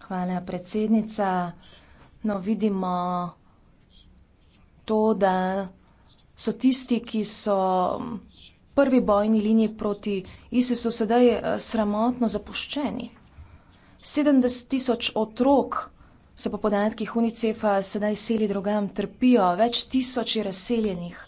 Hvala, predsednica. No, vidimo to, da so tisti, ki so mm, prvi bojni liniji proti ISIS-u, sedaj eh, sramotno zapuščeni. Sedemdeset tisoč otrok se po podatkih Unicefa sedaj seli drugam, trpijo, več tisoč je razseljenih.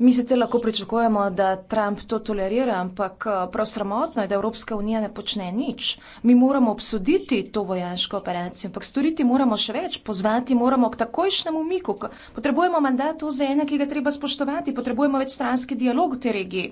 Mi se celo lahko pričakujemo, da Trump to tolerira, ampak eh, prav sramotno je, da Evropska unija ne počne nič. Mi moramo obsoditi to vojaško operacijo, ampak storiti moramo še več, pozvati moramo k takojšnjemu miku. Potrebujemo mandat OZN, ki ga treba spoštovati, potrebujemo več stranski dialog v tej regiji.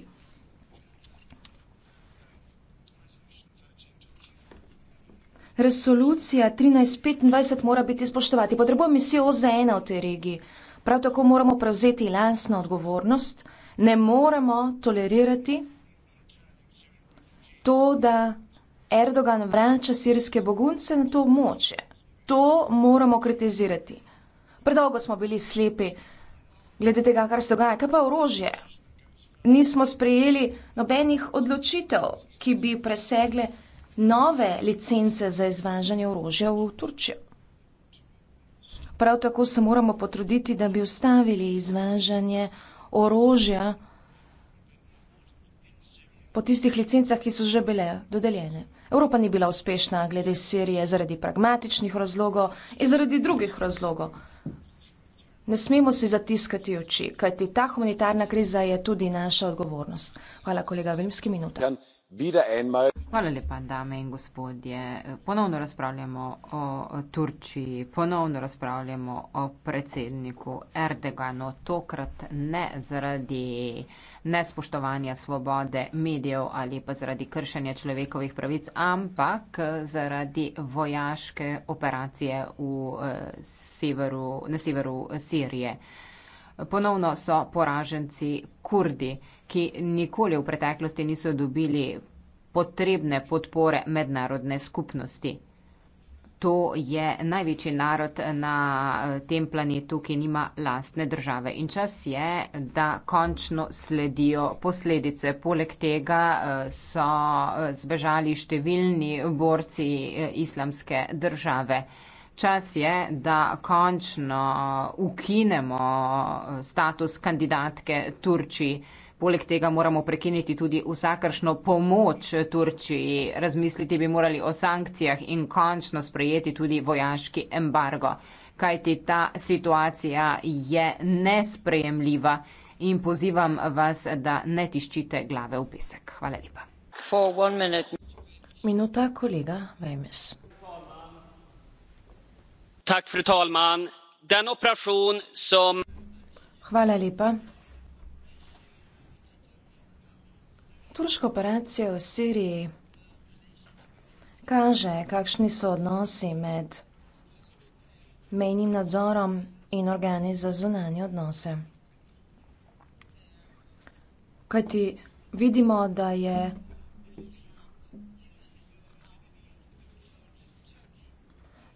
Resolucija 1325 mora biti spoštovati, potrebujemo misijo OZN v tej regiji. Prav tako moramo prevzeti lansno odgovornost, ne moremo tolerirati to, da Erdogan vrača sirske begunce na to območje. To moramo kritizirati. Predolgo smo bili slepi glede tega, kar se dogaja. Kaj pa orožje? Nismo sprejeli nobenih odločitev, ki bi presegle nove licence za izvažanje orožja v Turčijo. Prav tako se moramo potruditi, da bi ustavili izvažanje orožja po tistih licencah, ki so že bile dodeljene. Evropa ni bila uspešna glede Sirije zaradi pragmatičnih razlogov in zaradi drugih razlogov. Ne smemo si zatiskati oči, kajti ta humanitarna kriza je tudi naša odgovornost. Hvala, kolega Vilmski, minuta. Hvala lepa, dame in gospodje. Ponovno razpravljamo o Turčiji, ponovno razpravljamo o predsedniku Erdoganu, tokrat ne zaradi nespoštovanja svobode medijev ali pa zaradi kršenja človekovih pravic, ampak zaradi vojaške operacije v eh, severu, na severu Sirije ponovno so poraženci Kurdi, ki nikoli v preteklosti niso dobili potrebne podpore mednarodne skupnosti. To je največji narod na eh, tem planetu, ki nima lastne države. In čas je, da končno sledijo posledice. Poleg tega eh, so eh, zbežali številni borci islamske države. Čas je, da končno ukinemo eh, status kandidatke Turčiji. Poleg tega moramo prekiniti tudi vsakršno pomoč Turčiji, razmisliti bi morali o sankcijah in končno sprejeti tudi vojaški embargo, kajti ta situacija je nesprejemljiva in pozivam vas, da ne tiščite glave v pesek. Hvala lepa. Minuta, kolega Vejmes hvala lepa. turška operacija v siriji kaže, kakšni so odnosi med mejnim nadzorom in organi za zunanje odnose. Kajti vidimo, da je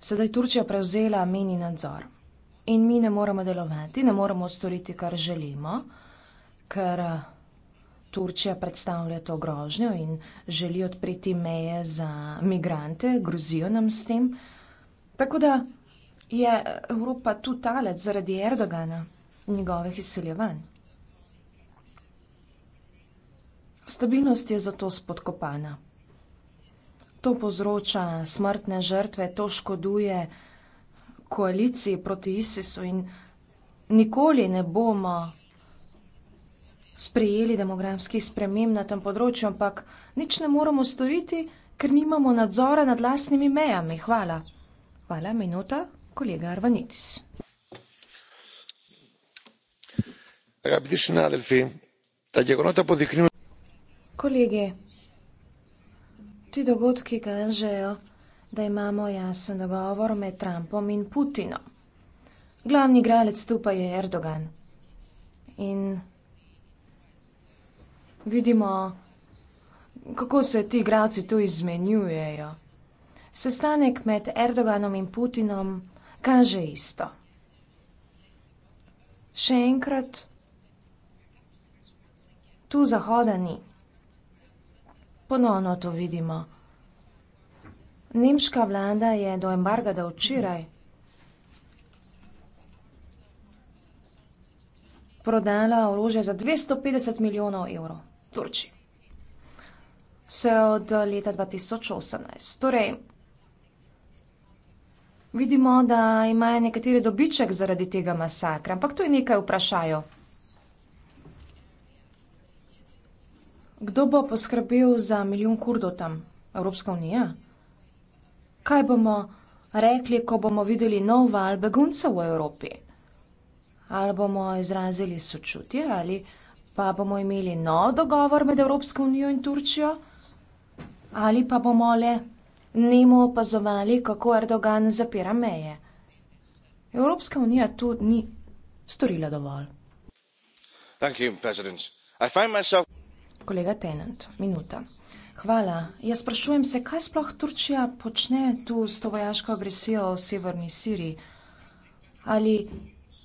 sedaj Turčija prevzela mini nadzor. In mi ne moremo delovati, ne moremo storiti, kar želimo, ker eh, Turčija predstavlja to grožnjo in želi odpriti meje za migrante, grozijo nam s tem. Tako da je Evropa tu talec zaradi Erdogana in njegovih izseljevanj. Stabilnost je zato spodkopana. To povzroča smrtne žrtve, to škoduje koaliciji proti ISIS-u in nikoli ne bomo sprejeli demografskih spremem na tem področju, ampak nič ne moramo storiti, ker nimamo nadzora nad lastnimi mejami. Hvala. Hvala, minuta, kolega Arvanitis. Kolegi, ti dogodki kažejo, da imamo jasen dogovor med Trumpom in Putinom. Glavni igralec tu pa je Erdogan. In vidimo, kako se ti igralci tu izmenjujejo. Sestanek med Erdoganom in Putinom kaže isto. Še enkrat, tu zahoda ni ponovno to vidimo. Nemška vlada je do embarga da včeraj prodala orožje za 250 milijonov evrov Turčiji. Vse od leta 2018. Torej, vidimo, da imajo nekateri dobiček zaradi tega masakra, ampak to je nekaj vprašajo. Kdo bo poskrbel za milijon kurdov tam? Evropska unija? Kaj bomo rekli, ko bomo videli nov val beguncev v Evropi? Ali bomo izrazili sočutje ali pa bomo imeli nov dogovor med Evropsko unijo in Turčijo? Ali pa bomo le nemo opazovali, kako Erdogan zapira meje? Evropska unija tu ni storila dovolj. Thank you, President. I find myself... Kolega Tenant, minuta. Hvala. Jaz sprašujem se, kaj sploh Turčija počne tu s to vojaško agresijo v severni Siriji? Ali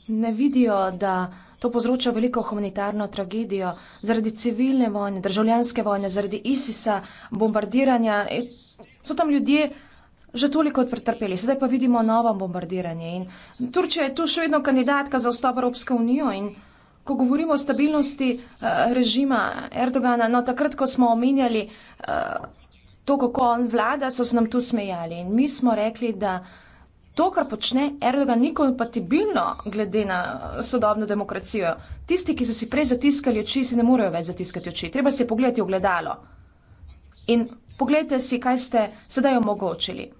ne vidijo, da to povzroča veliko humanitarno tragedijo zaradi civilne vojne, državljanske vojne, zaradi ISIS-a, bombardiranja? E, so tam ljudje že toliko pretrpeli, sedaj pa vidimo novo bombardiranje. In Turčija je tu še vedno kandidatka za vstop v Evropsko unijo in ko govorimo o stabilnosti eh, režima Erdogana, no takrat, ko smo omenjali eh, to, kako on vlada, so se nam tu smejali in mi smo rekli, da to, kar počne Erdogan, ni kompatibilno glede na eh, sodobno demokracijo. Tisti, ki so si prej zatiskali oči, si ne morejo več zatiskati oči. Treba si pogledati v gledalo. In pogledajte si, kaj ste sedaj omogočili.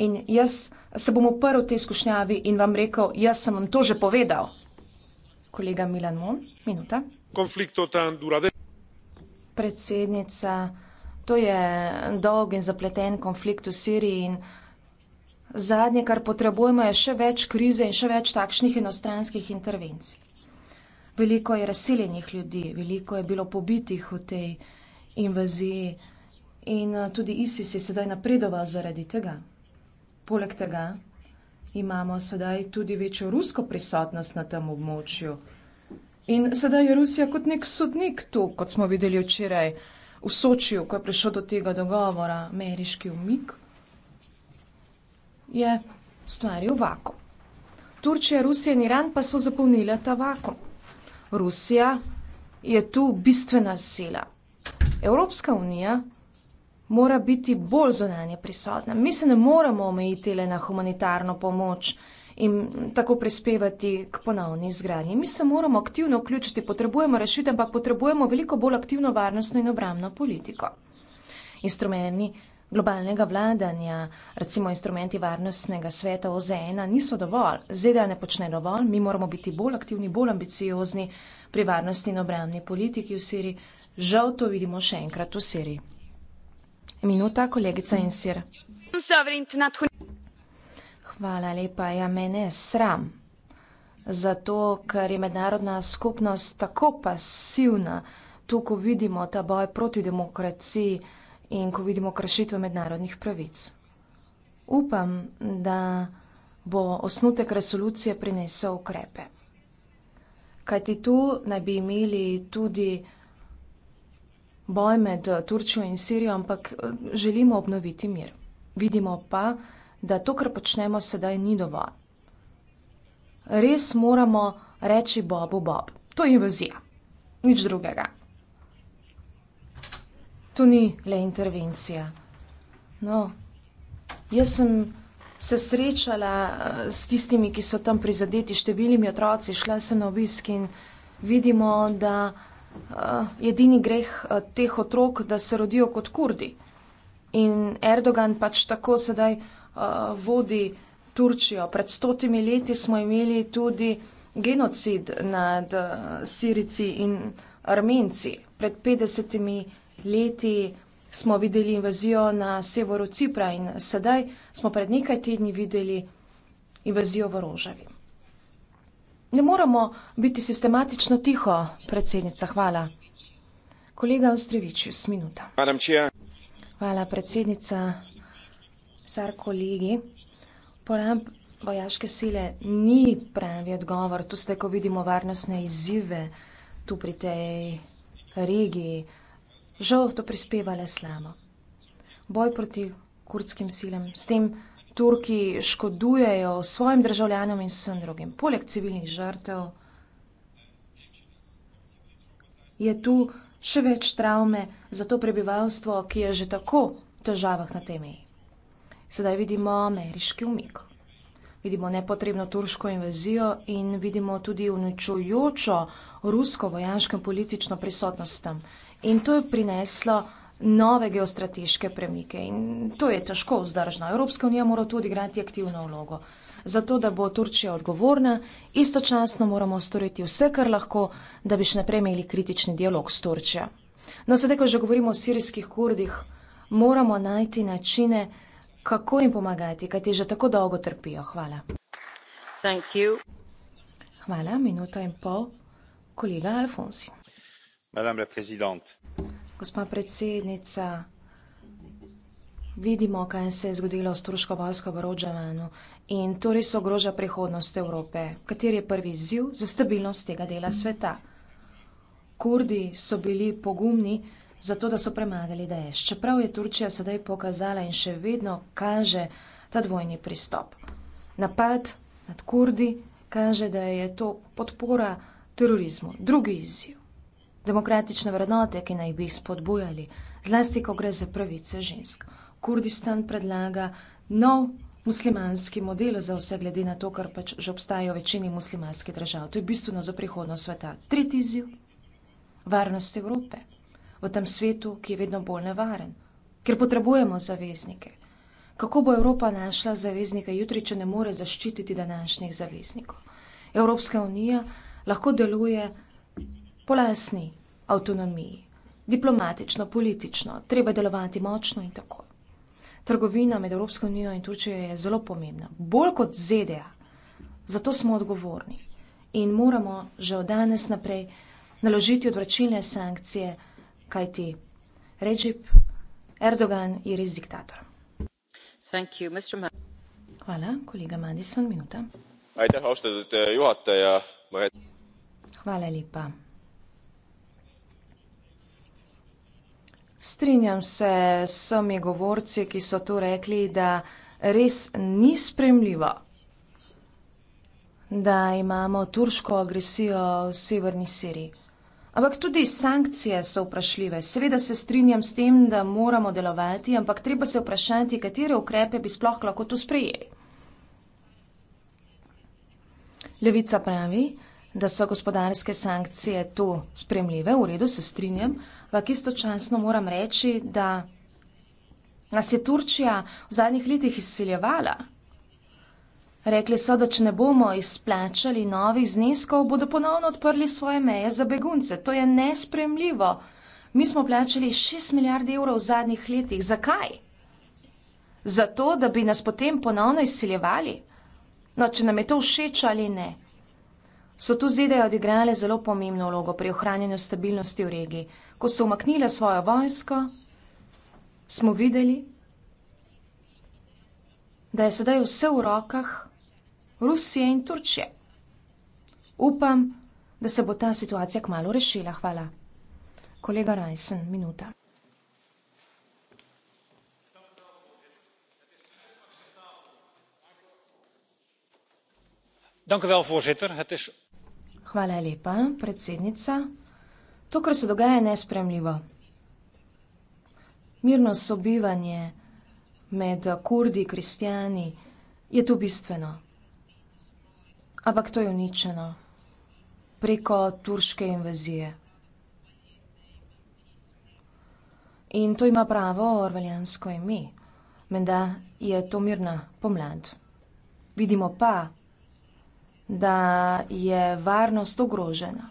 In jaz se bom uprl v tej skušnjavi in vam rekel, jaz sem vam to že povedal. Kolega Milan Mon, minuta. Predsednica, to je dolg in zapleten konflikt v Siriji in zadnje, kar potrebujemo, je še več krize in še več takšnih enostranskih intervencij. Veliko je razseljenih ljudi, veliko je bilo pobitih v tej invaziji in tudi ISIS je sedaj napredoval zaradi tega. Poleg tega imamo sedaj tudi večjo rusko prisotnost na tem območju. In sedaj je Rusija kot nek sodnik tu, kot smo videli včeraj v Sočiju, ko je prišel do tega dogovora, ameriški umik, je stvaril vakum. Turčija, Rusija in Iran pa so zapolnila ta vakum. Rusija je tu bistvena sila. Evropska unija mora biti bolj zunanje prisotna. Mi se ne moramo omejiti le na humanitarno pomoč in tako prispevati k ponovni izgradnji. Mi se moramo aktivno vključiti, potrebujemo rešitev, ampak potrebujemo veliko bolj aktivno varnostno in obramno politiko. Instrumenti globalnega vladanja, recimo instrumenti varnostnega sveta OZN-a, niso dovolj. ZDA ne počne dovolj, mi moramo biti bolj aktivni, bolj ambiciozni pri varnosti in obramni politiki v Siriji. Žal to vidimo še enkrat v Siriji. Minuta, kolegica Insir. Hvala lepa. Ja, mene je sram. Zato, ker je mednarodna skupnost tako pasivna, tu ko vidimo ta boj proti demokraciji in ko vidimo kršitve mednarodnih pravic. Upam, da bo osnutek resolucije prinesel ukrepe. Kajti tu naj bi imeli tudi boj med eh, Turčijo in Sirijo, ampak eh, želimo obnoviti mir. Vidimo pa, da to, kar počnemo sedaj, ni dovolj. Res moramo reči Bobu Bob. To je invazija. Nič drugega. To ni le intervencija. No, jaz sem se srečala eh, s tistimi, ki so tam prizadeti, številnimi otroci, šla sem na obisk in vidimo, da uh, edini greh uh, teh otrok, da se rodijo kot kurdi. In Erdogan pač tako sedaj uh, vodi Turčijo. Pred stotimi leti smo imeli tudi genocid nad uh, Sirici in Armenci. Pred 50 leti smo videli invazijo na severu Cipra in sedaj smo pred nekaj tedni videli invazijo v Rožavi. Ne moramo biti sistematično tiho, predsednica. Hvala. Kolega Ostrevič, minuta. Hvala, predsednica. Sar kolegi, porab vojaške sile ni pravi odgovor. Tu ste, ko vidimo varnostne izzive tu pri tej regiji. Žal to prispeva le slamo. Boj proti kurdskim silam. S tem Turki škodujejo svojim državljanom in vsem drugim. Poleg civilnih žrtev je tu še več travme za to prebivalstvo, ki je že tako v težavah na tej meji. Sedaj vidimo ameriški umik. Vidimo nepotrebno turško invazijo in vidimo tudi uničujočo rusko vojaško politično prisotnost tam. In to je prineslo nove geostrateške premike in to je težko vzdržno. Evropska unija mora tudi igrati aktivno vlogo. Zato, da bo Turčija odgovorna, istočasno moramo storiti vse, kar lahko, da bi še naprej imeli kritični dialog s Turčijo. No, sedaj, ko že govorimo o sirijskih kurdih, moramo najti načine, kako jim pomagati, kaj ti že tako dolgo trpijo. Hvala. Hvala, minuta in pol. Kolega Alfonsi. Madame la prezidente. Gospa predsednica, vidimo, kaj se je zgodilo s turško vojsko v Rođevanu in to res ogroža prihodnost Evrope. Kateri je prvi izziv za stabilnost tega dela sveta? Kurdi so bili pogumni zato, da so premagali Daeš. Čeprav je Turčija sedaj pokazala in še vedno kaže ta dvojni pristop. Napad nad Kurdi kaže, da je to podpora terorizmu. Drugi izziv demokratične vrednote, ki naj bi jih spodbujali, zlasti, ko gre za pravice žensk. Kurdistan predlaga nov muslimanski model za vse glede na to, kar pač že obstajajo v večini muslimanskih držav. To je bistveno za prihodnost sveta. Tretji izziv - varnost Evrope v tem svetu, ki je vedno bolj nevaren, ker potrebujemo zaveznike. Kako bo Evropa našla zaveznike jutri, če ne more zaščititi današnjih zaveznikov? Evropska unija lahko deluje po lastni avtonomiji, diplomatično, politično, treba delovati močno in tako. Trgovina med Evropsko unijo in Turčijo je zelo pomembna, bolj kot ZDA. Zato smo odgovorni in moramo že od danes naprej naložiti odvračilne sankcije, kajti Recep Erdogan je res diktator. You, Hvala, kolega Madison, minuta. Eh, Hvala lepa. Strinjam se s vsemi govorci, ki so tu rekli, da res ni spremljivo, da imamo turško agresijo v severni Siriji. Ampak tudi sankcije so vprašljive. Seveda se strinjam s tem, da moramo delovati, ampak treba se vprašati, katere ukrepe bi sploh lahko tu sprejeli. Levica pravi, da so gospodarske sankcije tu spremljive, v redu se strinjam ampak istočasno moram reči, da nas je Turčija v zadnjih letih izsiljevala. Rekli so, da če ne bomo izplačali novih zneskov, bodo ponovno odprli svoje meje za begunce. To je nespremljivo. Mi smo plačali 6 milijard evrov v zadnjih letih. Zakaj? Zato, da bi nas potem ponovno izsiljevali. No, če nam je to všeč ali ne so tu zidejo odigrale zelo pomembno vlogo pri ohranjanju stabilnosti v regiji. Ko so umaknile svojo vojsko, smo videli, da je sedaj vse v rokah Rusije in Turčije. Upam, da se bo ta situacija kmalo rešila. Hvala. Kolega Rajsen, minuta. Dank u wel, voorzitter. Het is Hvala lepa, predsednica. To, kar se dogaja, je nespremljivo. Mirno sobivanje med kurdi, kristijani je tu bistveno. Ampak to je uničeno preko turške invazije. In to ima pravo orvaljansko ime. Menda je to mirna pomlad. Vidimo pa, da je varnost ogrožena.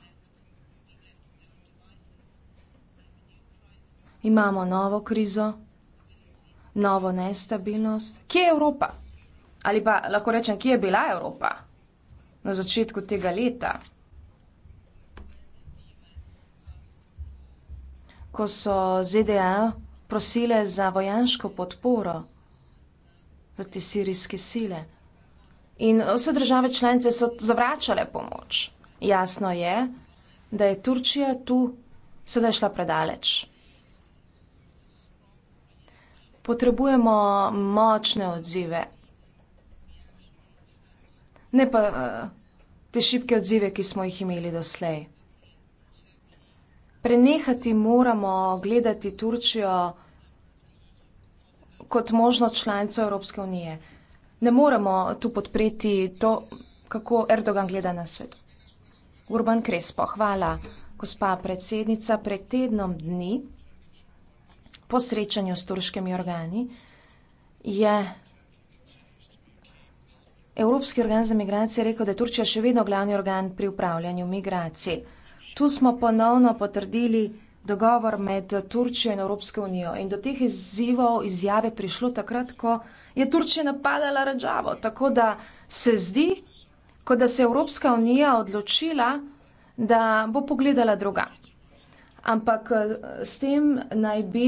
Imamo novo krizo, novo nestabilnost. Kje je Evropa? Ali pa lahko rečem, kje je bila Evropa na začetku tega leta? Ko so ZDA prosile za vojaško podporo za te sirijske sile. In vse države članice so zavračale pomoč. Jasno je, da je Turčija tu sedaj šla predaleč. Potrebujemo močne odzive, ne pa eh, te šibke odzive, ki smo jih imeli doslej. Prenehati moramo gledati Turčijo kot možno članico Evropske unije ne moremo tu podpreti to, kako Erdogan gleda na svet. Urban Krespo, hvala, gospa predsednica, pred tednom dni po srečanju s turškimi organi je Evropski organ za migracije rekel, da je Turčija še vedno glavni organ pri upravljanju migracij. Tu smo ponovno potrdili, dogovor med Turčijo in Evropsko unijo. In do teh izzivov izjave prišlo takrat, ko je Turčija napadala Rađavo. Tako da se zdi, kot da se je Evropska unija odločila, da bo pogledala druga. Ampak eh, s tem naj bi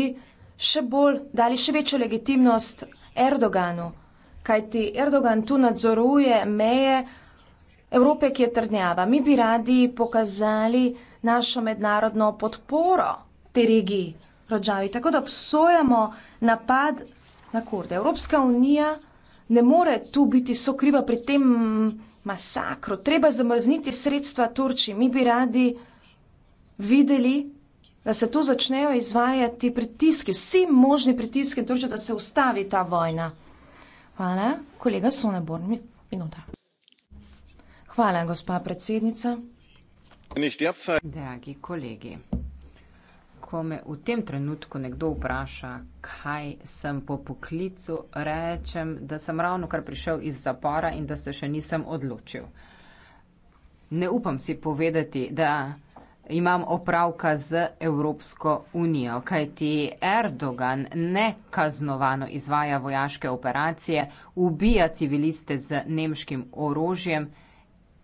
še bolj dali še večjo legitimnost Erdoganu, kajti Erdogan tu nadzoruje meje Evrope, ki je trdnjava. Mi bi radi pokazali, našo mednarodno podporo te regiji Rodžavi. Tako da obsojamo napad na kurde. Evropska unija ne more tu biti sokriva pri tem masakru. Treba zamrzniti sredstva Turčiji. Mi bi radi videli, da se tu začnejo izvajati pritiski, vsi možni pritiski Turčije, da se ustavi ta vojna. Hvala, kolega Soneborn, minuta. Hvala, gospa predsednica. Dragi kolegi, ko me v tem trenutku nekdo vpraša, kaj sem po poklicu, rečem, da sem ravno kar prišel iz zapora in da se še nisem odločil. Ne upam si povedati, da imam opravka z Evropsko unijo, kajti Erdogan nekaznovano izvaja vojaške operacije, ubija civiliste z nemškim orožjem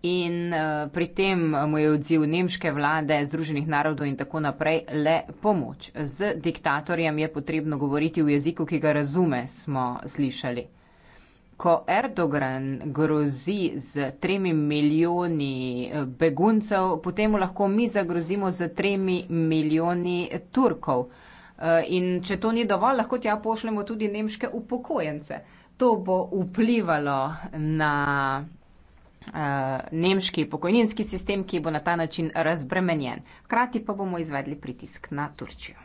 in uh, pri tem mu je odziv nemške vlade, Združenih narodov in tako naprej le pomoč. Z diktatorjem je potrebno govoriti v jeziku, ki ga razume, smo slišali. Ko Erdogan grozi z tremi milijoni eh, beguncev, potem lahko mi zagrozimo z tremi milijoni Turkov. Eh, in če to ni dovolj, lahko tja pošljemo tudi nemške upokojence. To bo vplivalo na Eh, nemški pokojninski sistem, ki bo na ta način razbremenjen. Hkrati pa bomo izvedli pritisk na Turčijo.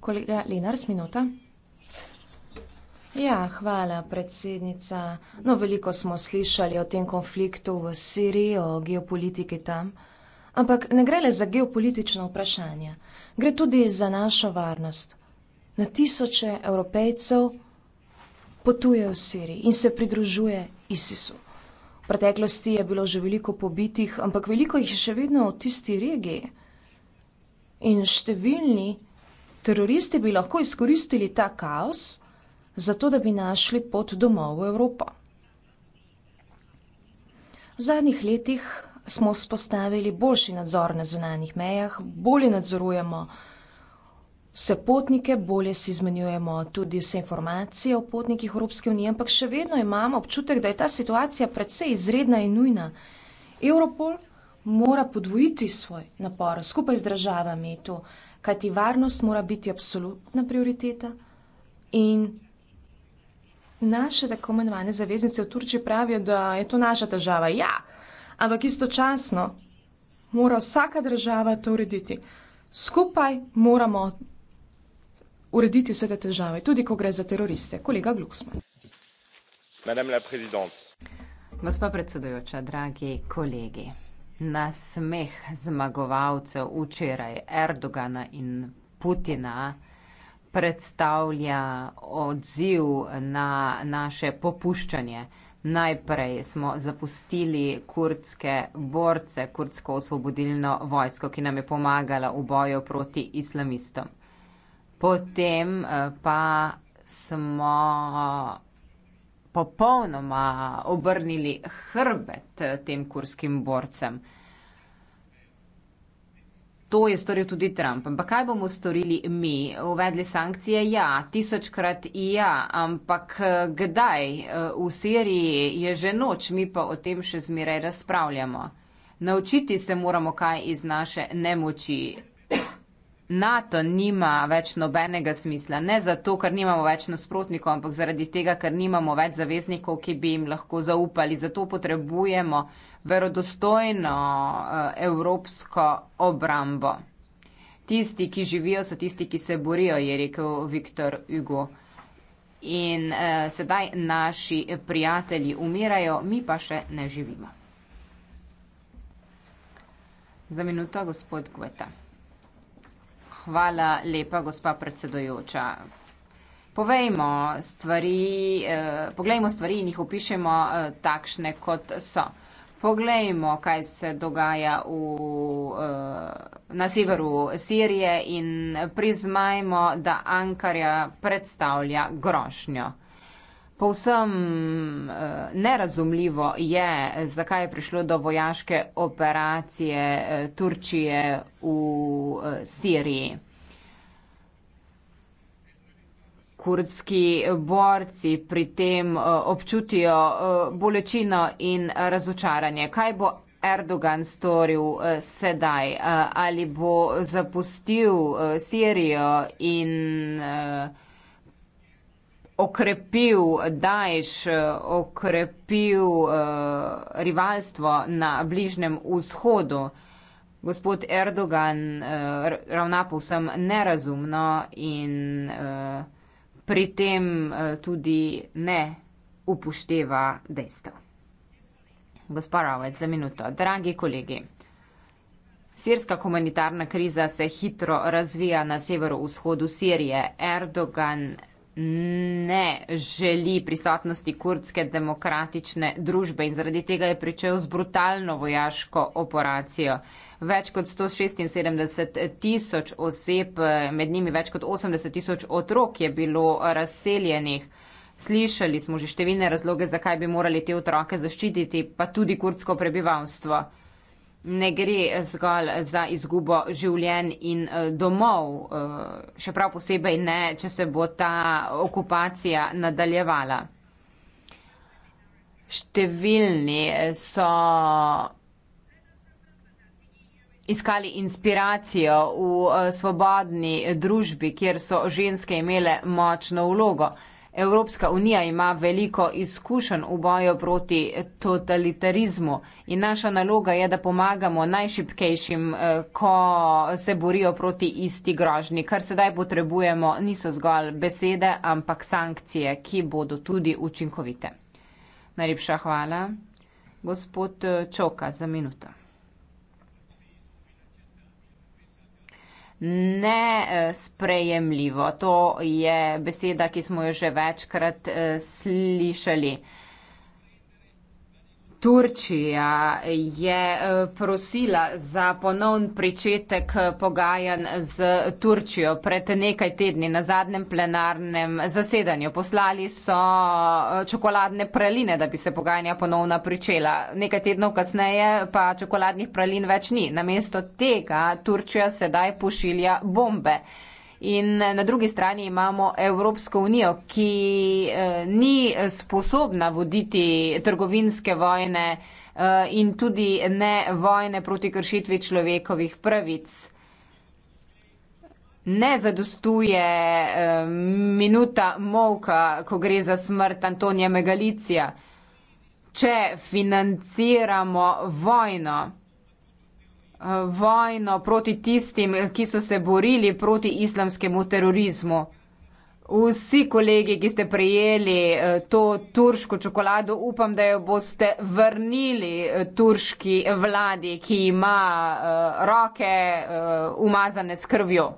Kolega Linars, minuta. Ja, hvala, predsednica. No, veliko smo slišali o tem konfliktu v Siriji, o geopolitiki tam. Ampak ne gre le za geopolitično vprašanje. Gre tudi za našo varnost. Na tisoče evropejcev potuje v Siriji in se pridružuje ISIS-u preteklosti je bilo že veliko pobitih, ampak veliko jih je še vedno v tisti regiji. In številni teroristi bi lahko izkoristili ta kaos, zato da bi našli pot domov v Evropo. V zadnjih letih smo spostavili boljši nadzor na zunanjih mejah, bolje nadzorujemo vse potnike, bolje si izmenjujemo tudi vse informacije o potnikih Evropske unije, ampak še vedno imamo občutek, da je ta situacija predvsej izredna in nujna. Europol mora podvojiti svoj napor skupaj z državami, to, kajti varnost mora biti absolutna prioriteta. In naše tako imenovane zaveznice v Turčiji pravijo, da je to naša država. Ja, ampak istočasno mora vsaka država to urediti. Skupaj moramo urediti vse te težave, tudi ko gre za teroriste. Kolega Glucksmann. Gospa predsedujoča, dragi kolegi, na smeh zmagovalcev včeraj Erdogana in Putina predstavlja odziv na naše popuščanje. Najprej smo zapustili kurdske borce, kurdsko osvobodilno vojsko, ki nam je pomagala v boju proti islamistom. Potem eh, pa smo popolnoma obrnili hrbet eh, tem kurskim borcem. To je storil tudi Trump. Ampak kaj bomo storili mi? Uvedli sankcije? Ja, tisočkrat ja, ampak eh, kdaj? V Siriji je že noč, mi pa o tem še zmeraj razpravljamo. Naučiti se moramo, kaj iz naše nemoči NATO nima več nobenega smisla. Ne zato, ker nimamo več nasprotnikov, ampak zaradi tega, ker nimamo več zaveznikov, ki bi jim lahko zaupali. Zato potrebujemo verodostojno eh, evropsko obrambo. Tisti, ki živijo, so tisti, ki se borijo, je rekel Viktor Hugo. In eh, sedaj naši prijatelji umirajo, mi pa še ne živimo. Za minuto, gospod Gveta. Hvala lepa, gospa predsedujoča. Povejmo stvari, eh, poglejmo stvari in jih opišemo eh, takšne, kot so. Poglejmo, kaj se dogaja v, eh, na severu Sirije in prizmajmo, da Ankarja predstavlja grošnjo. Povsem uh, nerazumljivo je, zakaj je prišlo do vojaške operacije uh, Turčije v uh, Siriji. Kurdski borci pri tem uh, občutijo uh, bolečino in razočaranje. Kaj bo Erdogan storil uh, sedaj? Uh, ali bo zapustil uh, Sirijo in. Uh, okrepil Daješ, okrepil uh, rivalstvo na Bližnjem vzhodu. Gospod Erdogan uh, ravna povsem nerazumno in uh, pri tem uh, tudi ne upošteva dejstev. Gospod Ravec, za minuto. Dragi kolegi, sirska humanitarna kriza se hitro razvija na severovzhodu Sirije. Erdogan ne želi prisotnosti kurdske demokratične družbe in zaradi tega je pričel z brutalno vojaško operacijo. Več kot 176 tisoč oseb, med njimi več kot 80 tisoč otrok je bilo razseljenih. Slišali smo že številne razloge, zakaj bi morali te otroke zaščititi, pa tudi kurdsko prebivalstvo ne gre zgolj za izgubo življenj in eh, domov, eh, še prav posebej ne, če se bo ta okupacija nadaljevala. Številni so iskali inspiracijo v eh, svobodni družbi, kjer so ženske imele močno vlogo. Evropska unija ima veliko izkušenj v boju proti totalitarizmu in naša naloga je, da pomagamo najšipkejšim, eh, ko se borijo proti isti grožni. Kar sedaj potrebujemo, niso zgolj besede, ampak sankcije, ki bodo tudi učinkovite. Najlepša hvala, gospod eh, Čoka, za minuto. nesprejemljivo. To je beseda, ki smo jo že večkrat eh, slišali. Turčija je eh, prosila za ponovn pričetek pogajanj z Turčijo pred nekaj tedni na zadnjem plenarnem zasedanju. Poslali so eh, čokoladne praline, da bi se pogajanja ponovno pričela. Nekaj tednov kasneje pa čokoladnih pralin več ni. Namesto tega Turčija sedaj pošilja bombe. In eh, na drugi strani imamo Evropsko unijo, ki eh, ni sposobna voditi trgovinske vojne eh, in tudi ne vojne proti kršitvi človekovih pravic. Ne zadostuje minuta molka, ko gre za smrt Antonija Megalicija. Če financiramo vojno, vojno proti tistim, ki so se borili proti islamskemu terorizmu. Vsi kolegi, ki ste prejeli eh, to turško čokolado, upam, da jo boste vrnili eh, turški vladi, ki ima uh, roke uh, umazane s krvjo.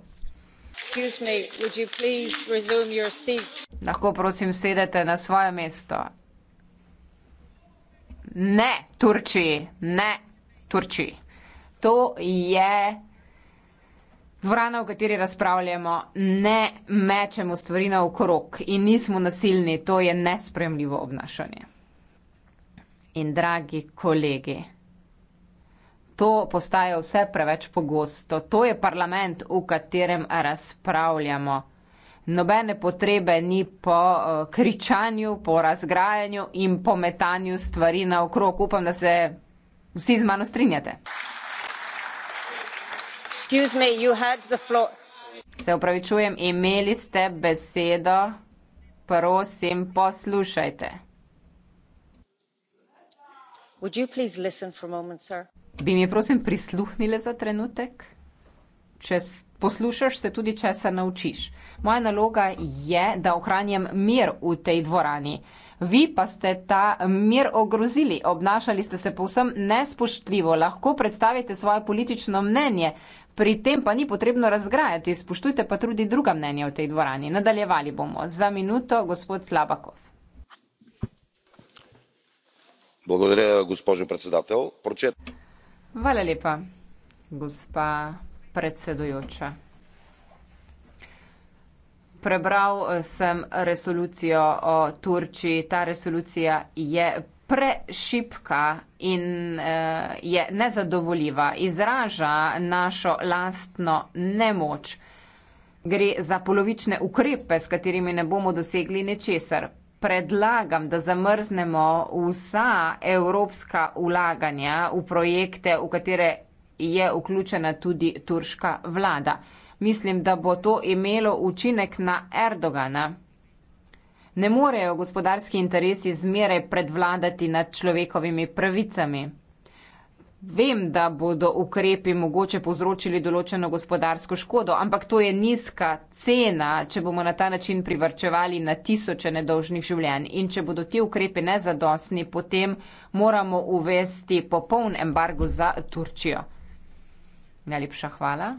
Me, Lahko prosim sedete na svoje mesto. Ne, Turčiji, ne, Turčiji. To je dvorana, v kateri razpravljamo, ne mečemo stvari na okrog in nismo nasilni. To je nespremljivo obnašanje. In dragi kolegi, to postaja vse preveč pogosto. To je parlament, v katerem razpravljamo. Nobene potrebe ni po uh, kričanju, po razgrajanju in po metanju stvari na okrog. Upam, da se vsi z mano strinjate excuse me you had the floor se opravičujem imeli ste besedo prosim poslušajte would you please listen for a moment sir bi mi prosim prisluhnile za trenutek če poslušaš se tudi če se naučiš moja naloga je da ohranjam mir v tej dvorani Vi pa ste ta mir ogrozili, obnašali ste se povsem nespoštljivo, lahko predstavite svoje politično mnenje, Pri tem pa ni potrebno razgrajati, spoštujte pa tudi druga mnenja v tej dvorani. Nadaljevali bomo. Za minuto, gospod Slabakov. Благодаря, госпожо председател. Прочет... Валя лепа, госпа председуюча. Пребрал съм резолюция о Турчи. Та резолюция е prešipka in uh, je nezadovoljiva, izraža našo lastno nemoč. Gre za polovične ukrepe, s katerimi ne bomo dosegli ničesar. Predlagam, da zamrznemo vsa evropska ulaganja v projekte, v katere je vključena tudi turška vlada. Mislim, da bo to imelo učinek na Erdogana ne morejo gospodarski interesi zmeraj predvladati nad človekovimi pravicami. Vem, da bodo ukrepi mogoče povzročili določeno gospodarsko škodo, ampak to je nizka cena, če bomo na ta način privrčevali na tisoče nedolžnih življenj. In če bodo ti ukrepi nezadostni, potem moramo uvesti popoln embargo za Turčijo. Najlepša hvala.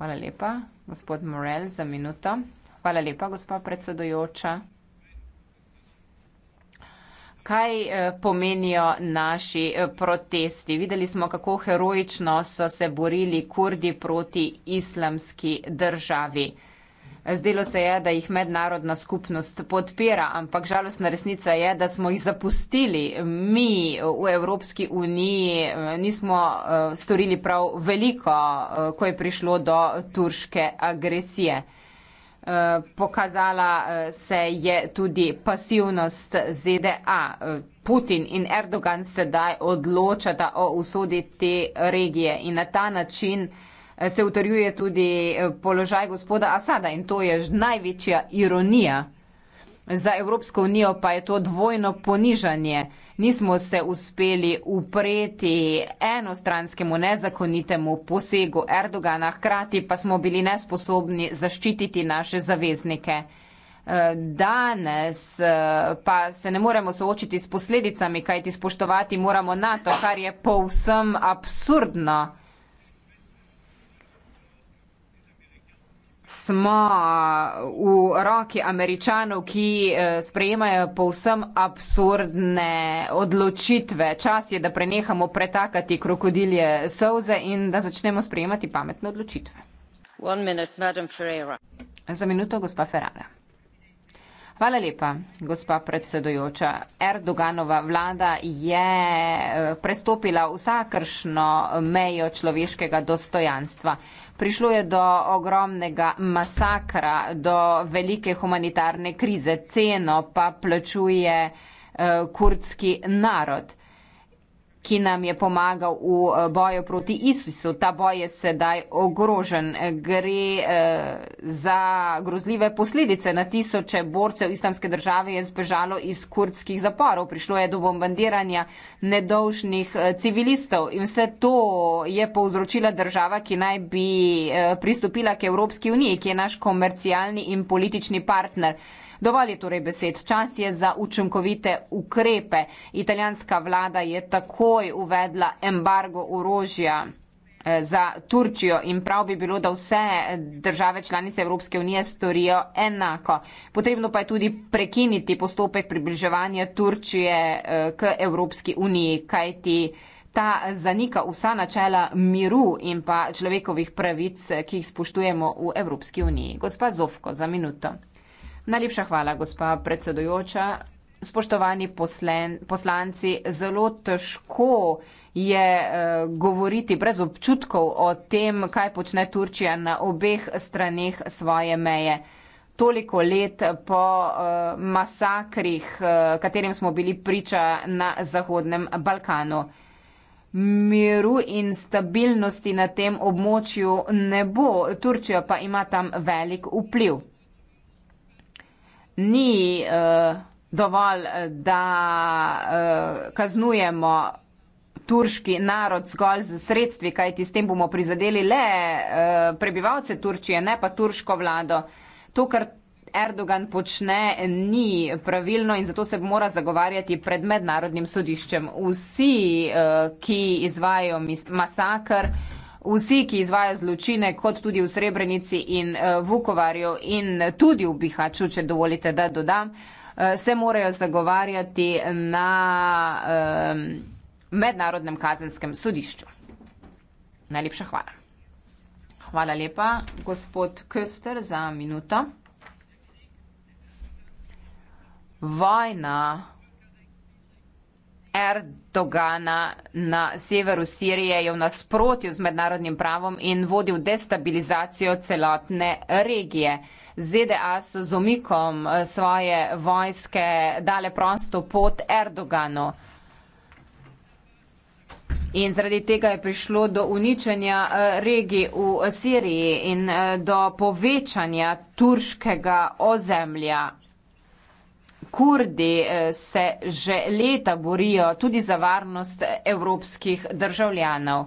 Hvala lepa, gospod Morel, za minuto. Hvala lepa, gospod predsedojoča kaj eh, pomenijo naši eh, protesti. Videli smo, kako heroično so se borili kurdi proti islamski državi. Zdelo se je, da jih mednarodna skupnost podpira, ampak žalostna resnica je, da smo jih zapustili. Mi eh, v Evropski uniji nismo storili prav veliko, ko je prišlo do turške agresije. Eh, pokazala eh, se je tudi pasivnost ZDA. Eh, Putin in Erdogan sedaj odločata o usodi te regije in na ta način se utrjuje tudi položaj gospoda Asada in to je največja ironija. Za Evropsko unijo pa je to dvojno ponižanje nismo se uspeli upreti enostranskemu nezakonitemu posegu Erdogana, hkrati pa smo bili nesposobni zaščititi naše zaveznike. Eh, danes eh, pa se ne moremo soočiti s posledicami, kajti spoštovati moramo NATO, kar je povsem absurdno. smo v roki američanov, ki eh, sprejemajo povsem absurdne odločitve. Čas je, da prenehamo pretakati krokodilje solze in da začnemo sprejemati pametne odločitve. Minute, Za minuto, gospa Ferrara. Hvala lepa, gospa predsedujoča. Erdoganova vlada je eh, prestopila vsakršno mejo človeškega dostojanstva. Prišlo je do ogromnega masakra, do velike humanitarne krize. Ceno pa plačuje eh, kurdski narod ki nam je pomagal v eh, boju proti ISIS-u. Ta boj je sedaj ogrožen. Gre eh, za grozljive posledice. Na tisoče borcev islamske države je zbežalo iz kurdskih zaporov. Prišlo je do bombardiranja nedolžnih eh, civilistov. In vse to je povzročila država, ki naj bi eh, pristopila k Evropski uniji, ki je naš komercialni in politični partner. Dovolj je torej besed. Čas je za učinkovite ukrepe. Italijanska vlada je takoj uvedla embargo orožja eh, za Turčijo in prav bi bilo, da vse države članice Evropske unije storijo enako. Potrebno pa je tudi prekiniti postopek približevanja Turčije eh, k Evropski uniji, kajti ta zanika vsa načela miru in pa človekovih pravic, eh, ki jih spoštujemo v Evropski uniji. Gospa Zovko, za minuto. Najlepša hvala, gospa predsedujoča. Spoštovani poslen, poslanci, zelo težko je eh, govoriti brez občutkov o tem, kaj počne Turčija na obeh stranih svoje meje. Toliko let po eh, masakrih, eh, katerim smo bili priča na Zahodnem Balkanu. Miru in stabilnosti na tem območju ne bo, Turčija pa ima tam velik vpliv ni uh, dovolj, eh, da uh, kaznujemo turški narod zgolj z sredstvi, kajti s tem bomo prizadeli le uh, prebivalce Turčije, ne pa turško vlado. To, kar Erdogan počne, ni pravilno in zato se mora zagovarjati pred mednarodnim sodiščem. Vsi, uh, ki izvajo masakr, uh, vsi, ki izvaja zločine, kot tudi v Srebrenici in eh, Vukovarju in tudi v Bihaču, če dovolite, da dodam, eh, se morajo zagovarjati na eh, mednarodnem kazenskem sodišču. Najlepša hvala. Hvala lepa, gospod Köster, za minuto. Vojna. Erdogana na severu Sirije je v nasprotju z mednarodnim pravom in vodil destabilizacijo celotne regije. ZDA so z omikom eh, svoje vojske dale prosto pot Erdoganu. In zaradi tega je prišlo do uničenja eh, regij v Siriji in eh, do povečanja turškega ozemlja Kurdi eh, se že leta borijo tudi za varnost evropskih državljanov.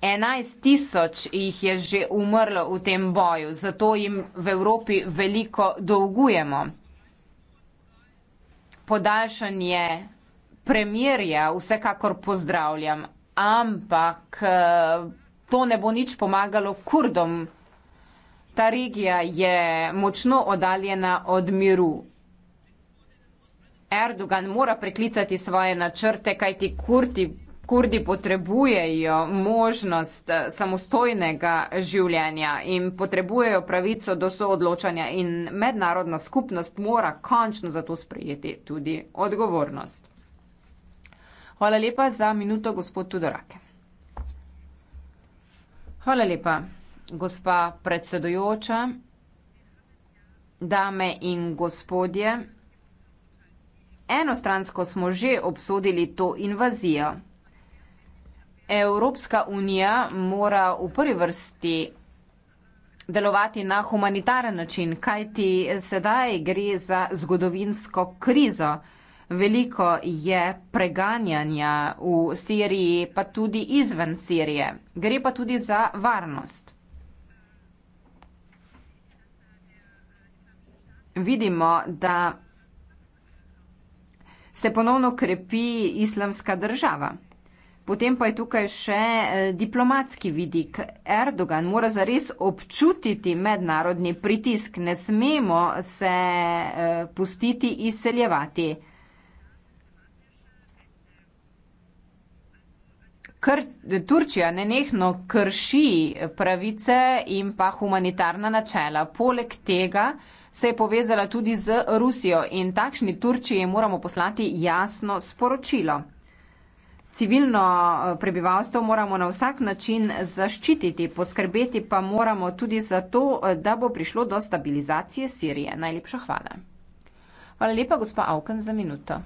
11 tisoč jih je že umrlo v tem boju, zato jim v Evropi veliko dolgujemo. Podaljšanje premirja vsekakor pozdravljam, ampak eh, to ne bo nič pomagalo kurdom, ta regija je močno oddaljena od miru. Erdogan mora preklicati svoje načrte, kaj ti kurti, kurdi potrebujejo možnost eh, samostojnega življenja in potrebujejo pravico do soodločanja in mednarodna skupnost mora končno za to sprejeti tudi odgovornost. Hvala lepa za minuto, gospod Tudorake. Hvala lepa. Gospa predsedujoča, dame in gospodje, enostransko smo že obsodili to invazijo. Evropska unija mora v prvi vrsti delovati na humanitaren način, kajti sedaj gre za zgodovinsko krizo. Veliko je preganjanja v Siriji, pa tudi izven Sirije. Gre pa tudi za varnost. vidimo, da se ponovno krepi islamska država. Potem pa je tukaj še eh, diplomatski vidik. Erdogan mora zares občutiti mednarodni pritisk. Ne smemo se eh, pustiti izseljevati. Kr Turčija nenehno krši pravice in pa humanitarna načela. Poleg tega, se je povezala tudi z Rusijo in takšni Turčiji moramo poslati jasno sporočilo. Civilno eh, prebivalstvo moramo na vsak način zaščititi, poskrbeti pa moramo tudi za to, eh, da bo prišlo do stabilizacije Sirije. Najlepša hvala. Hvala lepa, gospa Avken, za minuto.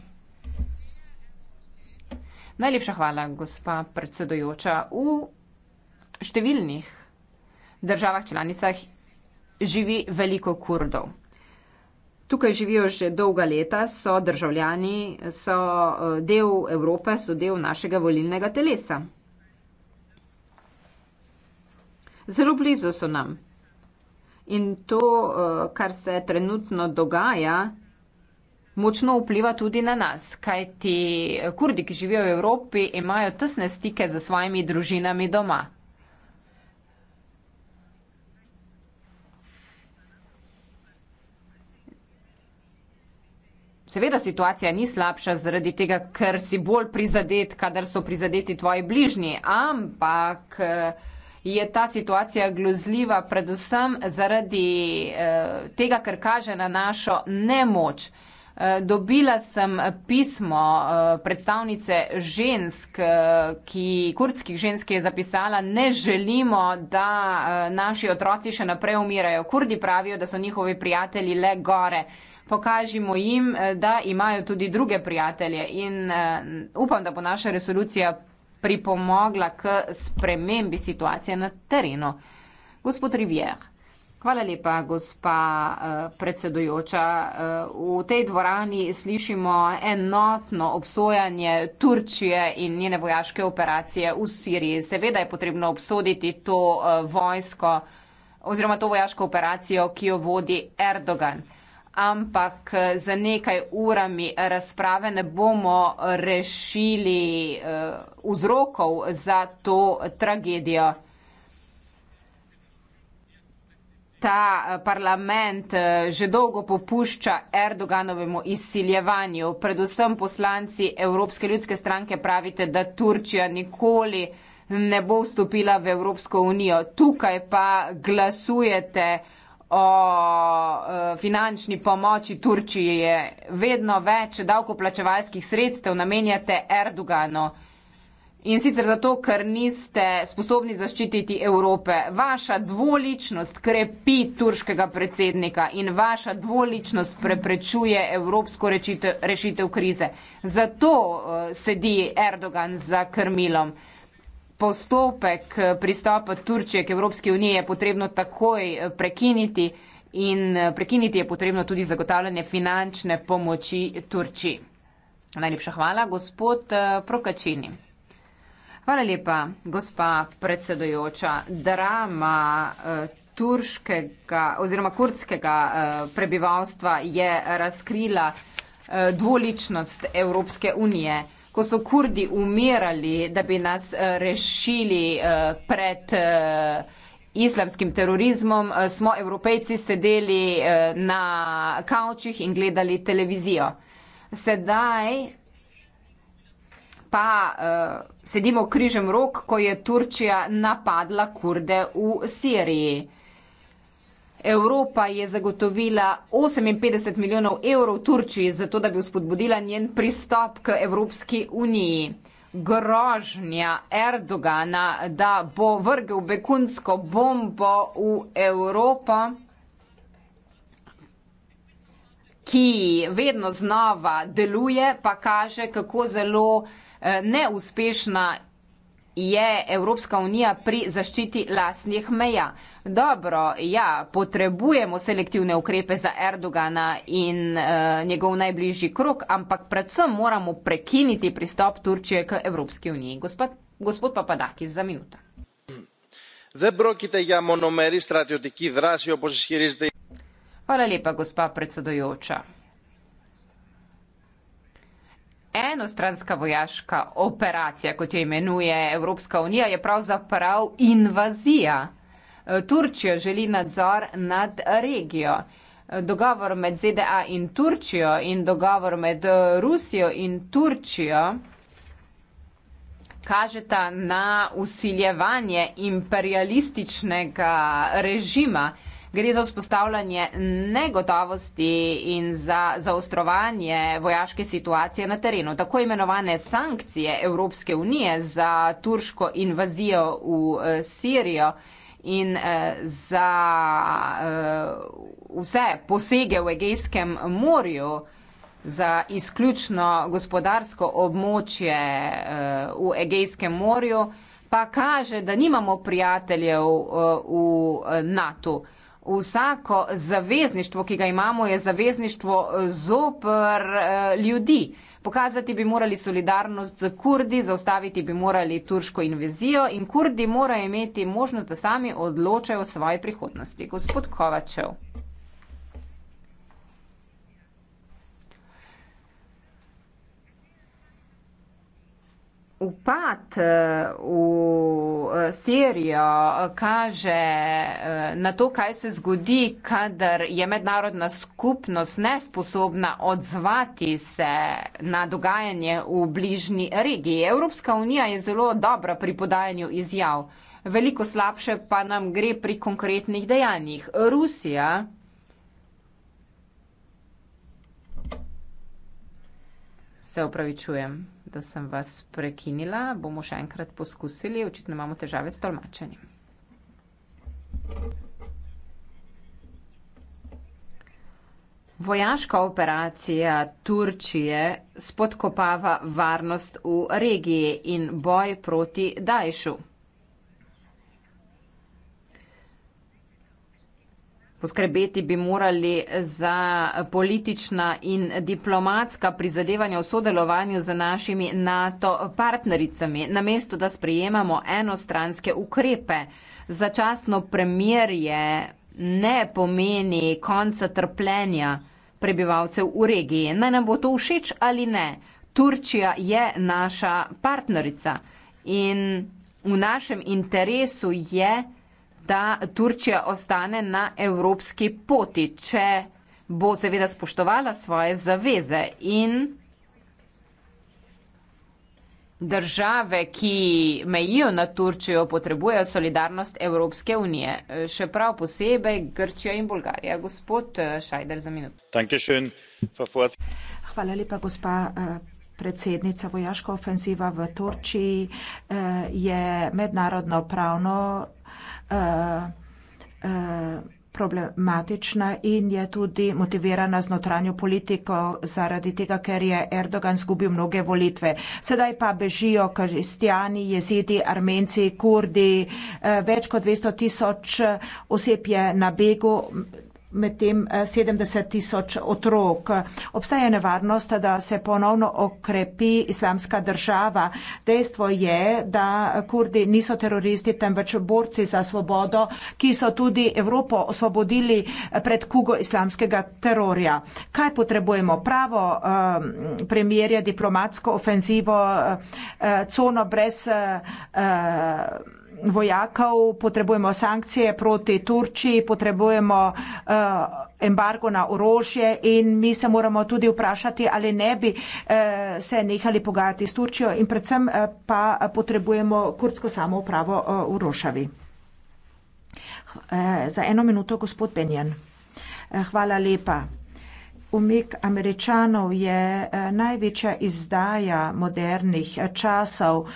Najlepša hvala, gospa predsedojoča. V številnih državah članicah živi veliko kurdov tukaj živijo že dolga leta, so državljani, so eh, del Evrope, so del našega volilnega telesa. Zelo blizu so nam. In to, eh, kar se trenutno dogaja, močno vpliva tudi na nas, kaj ti eh, kurdi, ki živijo v Evropi, imajo tesne stike za svojimi družinami doma. Seveda situacija ni slabša zaradi tega, ker si bolj prizadet, kadar so prizadeti tvoji bližnji, ampak eh, je ta situacija grozljiva predvsem zaradi eh, tega, ker kaže na našo nemoč. Eh, dobila sem pismo predstavnice žensk, ki kurdskih žensk je zapisala, ne želimo, da naši otroci še naprej umirajo. Kurdi pravijo, da so njihovi prijatelji le gore pokažimo jim, eh, da imajo tudi druge prijatelje. In eh, upam, da bo naša resolucija pripomogla k spremembi situacije na terenu. Gospod Rivier, hvala lepa, gospa eh, predsedujoča. V tej dvorani slišimo enotno obsojanje Turčije in njene vojaške operacije v Siriji. Seveda je potrebno obsoditi to vojsko oziroma to vojaško operacijo, ki jo vodi Erdogan ampak eh, za nekaj urami razprave ne bomo rešili eh, vzrokov za to tragedijo. Ta eh, parlament že dolgo popušča Erdoganovemu izsiljevanju. Predvsem poslanci Evropske ljudske stranke pravite, da Turčija nikoli ne bo vstopila v Evropsko unijo. Tukaj pa glasujete vsega o e, finančni pomoči Turčiji je vedno več davkoplačevalskih sredstev namenjate Erdoganu. In sicer zato, ker niste sposobni zaščititi Evrope. Vaša dvoličnost krepi turškega predsednika in vaša dvoličnost preprečuje evropsko rešitev krize. Zato uh, sedi Erdogan za krmilom. Uh, postopek eh, pristopa Turčije k Evropski uniji je potrebno takoj eh, prekiniti in eh, prekiniti je potrebno tudi zagotavljanje finančne pomoči Turčiji. Najlepša hvala, gospod Prokačini. Hvala lepa, gospa predsedujoča. Drama turškega oziroma kurdskega prebivalstva je razkrila dvoličnost Evropske unije ko so kurdi umirali, da bi nas eh, rešili eh, pred eh, islamskim terorizmom, smo evropejci sedeli na kavčih in gledali televizijo. Sedaj pa sedimo križem rok, ko je Turčija napadla kurde v Siriji. Evropa je zagotovila 58 milijonov evrov Turčiji, zato da bi vzpodbudila njen pristop k Evropski uniji. Grožnja Erdogana, da bo vrgel bekunsko bombo v Evropo, ki vedno znova deluje, pa kaže, kako zelo eh, neuspešna je Evropska unija pri zaščiti lasnih meja. Dobro, ja, potrebujemo selektivne ukrepe za Erdogana in e, njegov najbližji krok, ampak predvsem moramo prekiniti pristop Turčije k Evropski uniji. Gospod, gospod Papadakis, za minuto. Hvala lepa, gospa predsedojoča enostranska vojaška operacija, kot jo imenuje Evropska unija, je pravzaprav invazija. E, Turčija želi nadzor nad regijo. E, dogovor med ZDA in Turčijo in dogovor med e, Rusijo in Turčijo kažeta na usiljevanje imperialističnega režima. Gre za vzpostavljanje negotovosti in za zaostrovanje vojaške situacije na terenu. Tako imenovane sankcije Evropske unije za turško invazijo v eh, Sirijo in eh, za eh, vse posege v Egejskem morju za izključno gospodarsko območje v Egejskem morju, pa kaže, da nimamo prijateljev v NATO vsako zavezništvo, ki ga imamo, je zavezništvo eh, zopr eh, ljudi. Pokazati bi morali solidarnost z Kurdi, zaustaviti bi morali turško invezijo in Kurdi morajo imeti možnost, da sami odločajo o svoji prihodnosti. Gospod Kovačev. upad eh, v eh, Sirijo eh, kaže na to, kaj se zgodi, kadar je mednarodna skupnost nesposobna odzvati se na dogajanje v bližnji regiji. Evropska unija je zelo dobra pri podajanju izjav. Veliko slabše pa nam gre pri konkretnih dejanjih. Rusija Se opravičujem, da sem vas prekinila. Bomo še enkrat poskusili. Očitno imamo težave s tolmačenjem. Vojaška operacija Turčije spodkopava varnost v regiji in boj proti Dajšu. Poskrbeti bi morali za politična in diplomatska prizadevanja v sodelovanju z našimi NATO partnericami, namesto da sprejemamo enostranske ukrepe. Začasno premirje ne pomeni konca trpljenja prebivalcev v regiji. Naj nam bo to všeč ali ne, Turčija je naša partnerica in v našem interesu je, da Turčija ostane na evropski poti, če bo seveda spoštovala svoje zaveze in države, ki mejijo na Turčijo, potrebujejo solidarnost Evropske unije, še prav posebej Grčija in Bolgarija. Gospod eh, Šajder za minuto. Hvala lepa, gospa eh, predsednica. Vojaška ofenziva v Turčiji eh, je mednarodno pravno Eh, eh, problematična in je tudi motivirana z notranjo politiko zaradi tega, ker je Erdogan zgubil mnoge volitve. Sedaj pa bežijo kristijani, jezidi, armenci, kurdi, eh, več kot 200 tisoč oseb je na begu, med tem 70 tisoč otrok. Obstaja nevarnost, da se ponovno okrepi islamska država. Dejstvo je, da kurdi niso teroristi, temveč borci za svobodo, ki so tudi Evropo osvobodili eh, pred kugo islamskega terorja. Kaj potrebujemo? Pravo eh, premjerja, diplomatsko ofenzivo, eh, cono brez vojakov, potrebujemo sankcije proti Turčiji, potrebujemo eh, embargo na orožje in mi se moramo tudi vprašati, ali ne bi eh, se nehali pogajati s Turčijo in predvsem eh, pa potrebujemo kurdsko samoupravo v Rošavi. Za eno minuto, gospod Benjen. Hvala lepa. Umik američanov je največja izdaja modernih časov.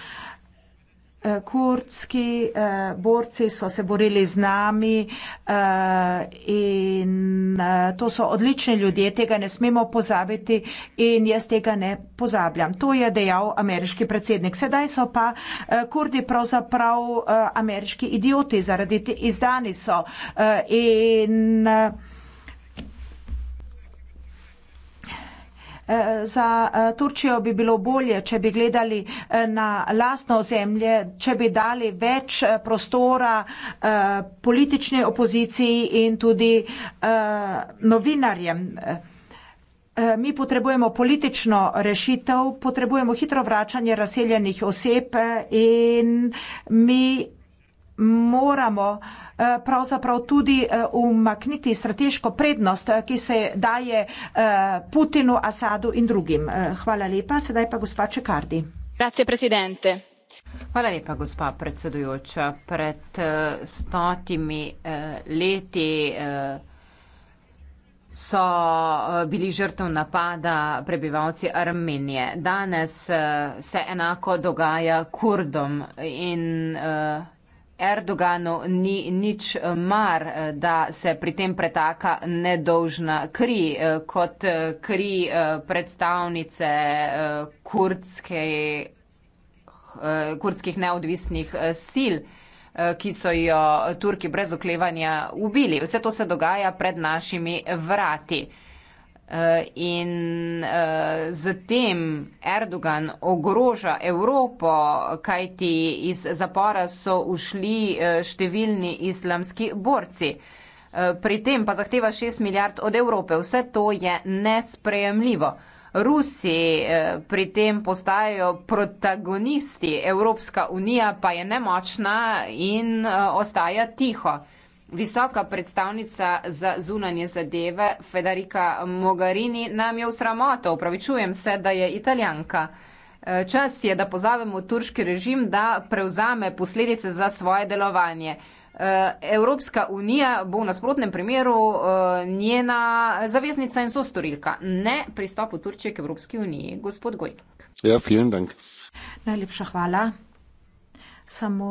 Eh, kurdski eh, borci so se borili z nami eh, in eh, to so odlični ljudje, tega ne smemo pozabiti in jaz tega ne pozabljam. To je dejal ameriški predsednik. Sedaj so pa eh, kurdi pravzaprav eh, ameriški idioti, zaradi izdani so. Eh, in, eh, Eh, za eh, Turčijo bi bilo bolje, če bi gledali eh, na lastno zemlje, če bi dali več prostora politični opoziciji in tudi novinarjem. Mi potrebujemo politično rešitev, potrebujemo hitro vračanje razseljenih oseb in mi moramo eh, pravzaprav tudi eh, umakniti strateško prednost, eh, ki se daje Putinu, Asadu in drugim. Hvala lepa, sedaj pa gospa Čekardi. Hvala lepa, gospa predsedujoča. Pred stotimi leti so bili žrtev napada prebivalci Armenije. Danes se enako dogaja Kurdom in Erdoganu ni nič eh, mar, eh, da se pri tem pretaka nedolžna kri, eh, kot kri predstavnice kurdske, kurdskih neodvisnih sil, ki so jo Turki brez oklevanja ubili. Vse to se dogaja pred našimi vrati. Eh, in uh, zatem Erdogan ogroža Evropo, kajti iz zapora so ušli eh, številni islamski borci. Uh, pri tem pa zahteva 6 milijard od Evrope. Vse to je nesprejemljivo. Rusi uh, pri tem postajajo protagonisti, Evropska unija pa je nemočna in uh, ostaja tiho. Visoka predstavnica za zunanje zadeve Federica Mogherini nam je v sramoto, upravičujem se, da je italijanka. Eh, čas je, da pozovemo turški režim, da prevzame posledice za svoje delovanje. Eh, Evropska unija bo v nasprotnem primeru eh, njena zaveznica in sostorilka. Ne pristopu Turčije k Evropski uniji. Gospod Gojnik. Ja, Najlepša hvala. Samo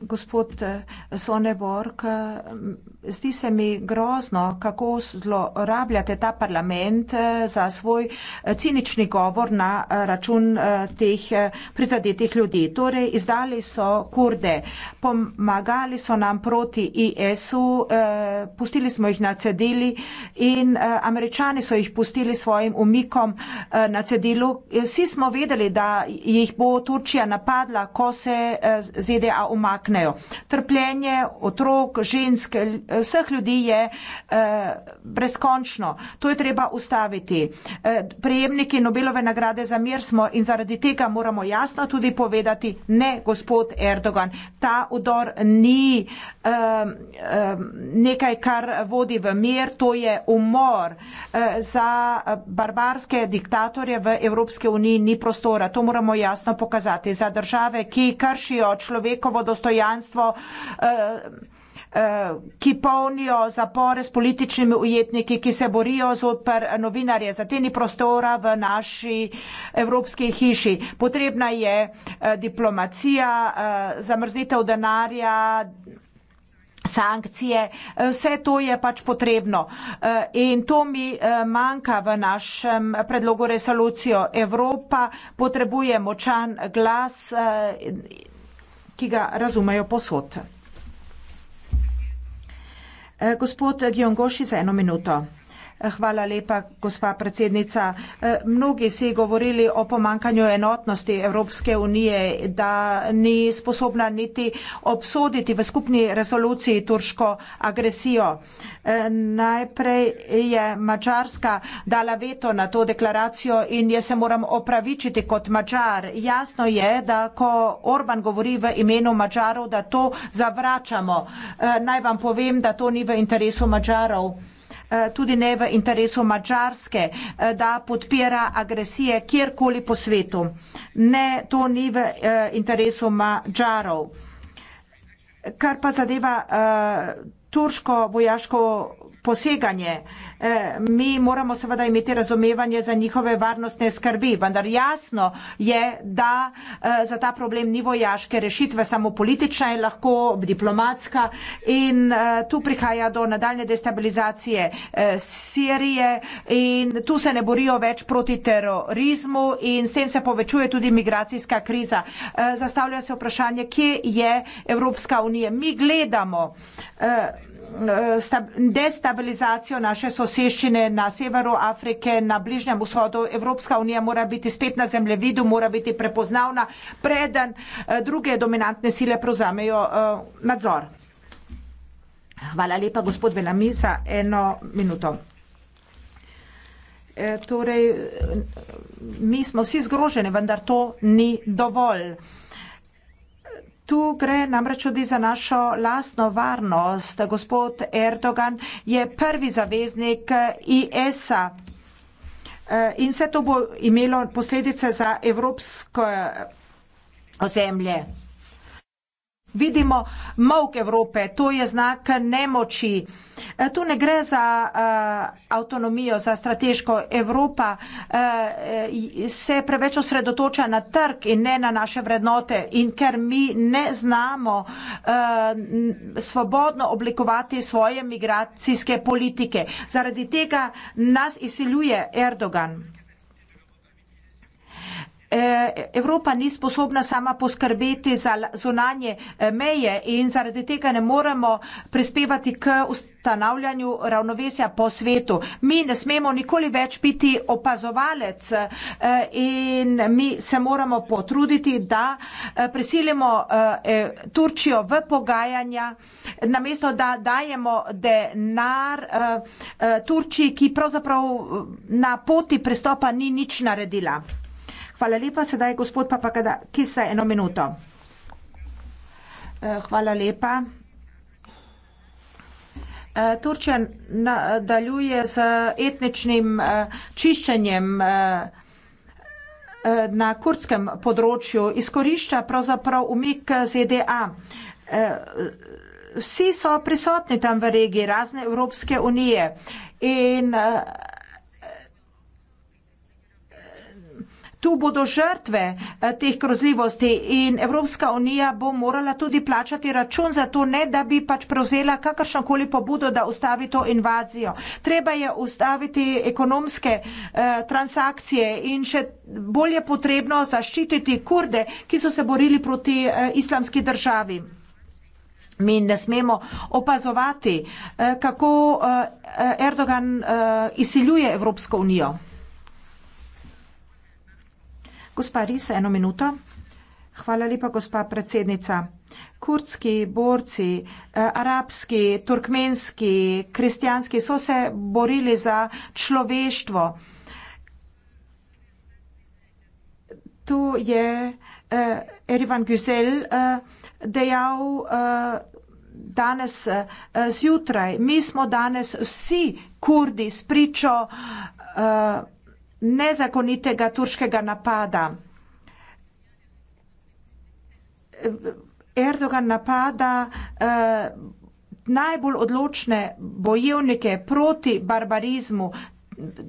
gospod eh, Sonneborg, eh, zdi se mi grozno, kako zlorabljate ta parlament eh, za svoj cinični govor na račun teh prizadetih ljudi. Torej, izdali so kurde, pomagali so nam proti IS-u, pustili smo jih na cedili in američani so jih pustili svojim umikom na cedilu. Vsi smo vedeli, da jih bo Turčija napadla, ko se ZDA umakne umaknejo. Trpljenje otrok, ženske, vseh ljudi je eh, brezkončno. To je treba ustaviti. Eh, prejemniki Nobelove nagrade za mir smo in zaradi tega moramo jasno tudi povedati, ne, gospod Erdogan, ta udor ni eh, nekaj, kar vodi v mir, to je umor. Eh, za eh, barbarske diktatorje v Evropske uniji ni prostora. To moramo jasno pokazati. Za države, ki kršijo človekovo dostojanje, dostojanstvo. Eh, eh, ki polnijo zapore s političnimi ujetniki, ki se borijo zoper novinarje, za teni prostora v naši evropski hiši. Potrebna je eh, diplomacija, zamrznitev denarja, sankcije, vse to je pač potrebno. In to mi manjka v našem predlogu resolucijo. Evropa potrebuje močan glas ki ga razumejo posod. Eh, gospod Gjongoši za eno minuto. Hvala lepa, gospa predsednica. Eh, mnogi si govorili o pomankanju enotnosti Evropske unije, da ni sposobna niti obsoditi v skupni resoluciji turško agresijo. Eh, najprej je Mačarska dala veto na to deklaracijo in jaz se moram opravičiti kot Mačar. Jasno je, da ko Orban govori v imenu Mačarov, da to zavračamo. Eh, naj vam povem, da to ni v interesu Mačarov. Eh, tudi ne v interesu Mačarske, eh, da podpira agresije kjerkoli po svetu. Ne, to ni v eh, interesu Mačarov. Kar pa zadeva uh, turško vojaško poseganje. Eh, mi moramo seveda imeti razumevanje za njihove varnostne skrbi, vendar jasno je, da eh, za ta problem ni vojaške rešitve, samo politična je lahko, diplomatska in eh, tu prihaja do nadaljne destabilizacije Sirije in tu se ne borijo več proti terorizmu in s tem se povečuje tudi migracijska kriza. Zastavlja se vprašanje, kje je Evropska unija. Mi gledamo. Eh, destabilizacijo naše soseščine na severu Afrike, na bližnjem vzhodu. Evropska unija mora biti spet na zemljevidu, mora biti prepoznavna, preden eh, druge dominantne sile prevzamejo eh, nadzor. Hvala lepa, gospod Velami, za eno minuto. E, torej, mi smo vsi zgroženi, vendar to ni dovolj. Tu gre namreč tudi za našo lastno varnost. Gospod Erdogan je prvi zaveznik IS-a. E eh, in vse to bo imelo posledice za evropsko eh, ozemlje. Vidimo mavk Evrope, to je znak nemoči. E, tu ne gre za uh, avtonomijo, za strateško. Evropa uh, se preveč osredotoča na trg in ne na naše vrednote. In ker mi ne znamo uh, svobodno oblikovati svoje migracijske politike, zaradi tega nas izsiljuje Erdogan. Eh, Evropa ni sposobna sama poskrbeti za zunanje eh, meje in zaradi tega ne moremo prispevati k ustanavljanju ravnovesja po svetu. Mi ne smemo nikoli več biti opazovalec eh, in mi se moramo potruditi, da prisilimo Turčijo v pogajanja, namesto da dajemo denar Turčiji, ki pravzaprav na poti pristopa ni nič naredila. Hvala lepa, sedaj gospod Papakada, ki se eno minuto. Eh, hvala lepa. Eh, Turčija nadaljuje z etničnim eh, čiščenjem na kurdskem področju, izkorišča pravzaprav umik ZDA. Vsi so prisotni tam v regiji, razne Evropske unije in tu bodo žrtve eh, teh grozljivosti in Evropska unija bo morala tudi plačati račun za to, ne da bi pač prevzela kakršnokoli pobudo, da ustavi to invazijo. Treba je ustaviti ekonomske eh, transakcije in še bolje potrebno zaščititi kurde, ki so se borili proti eh, islamski državi. Mi ne smemo opazovati, kako Erdogan izsiljuje Evropsko unijo. Gospa Risa, eno minuto. Hvala lepa, gospa predsednica. Kurdski borci, eh, arabski, turkmenski, kristijanski so se borili za človeštvo. Tu je eh, Erivan Güzel eh, dejal eh, danes eh, zjutraj, mi smo danes vsi kurdi spričo eh, nezakonitega turškega napada. Erdogan napada eh, najbolj odločne bojevnike proti barbarizmu,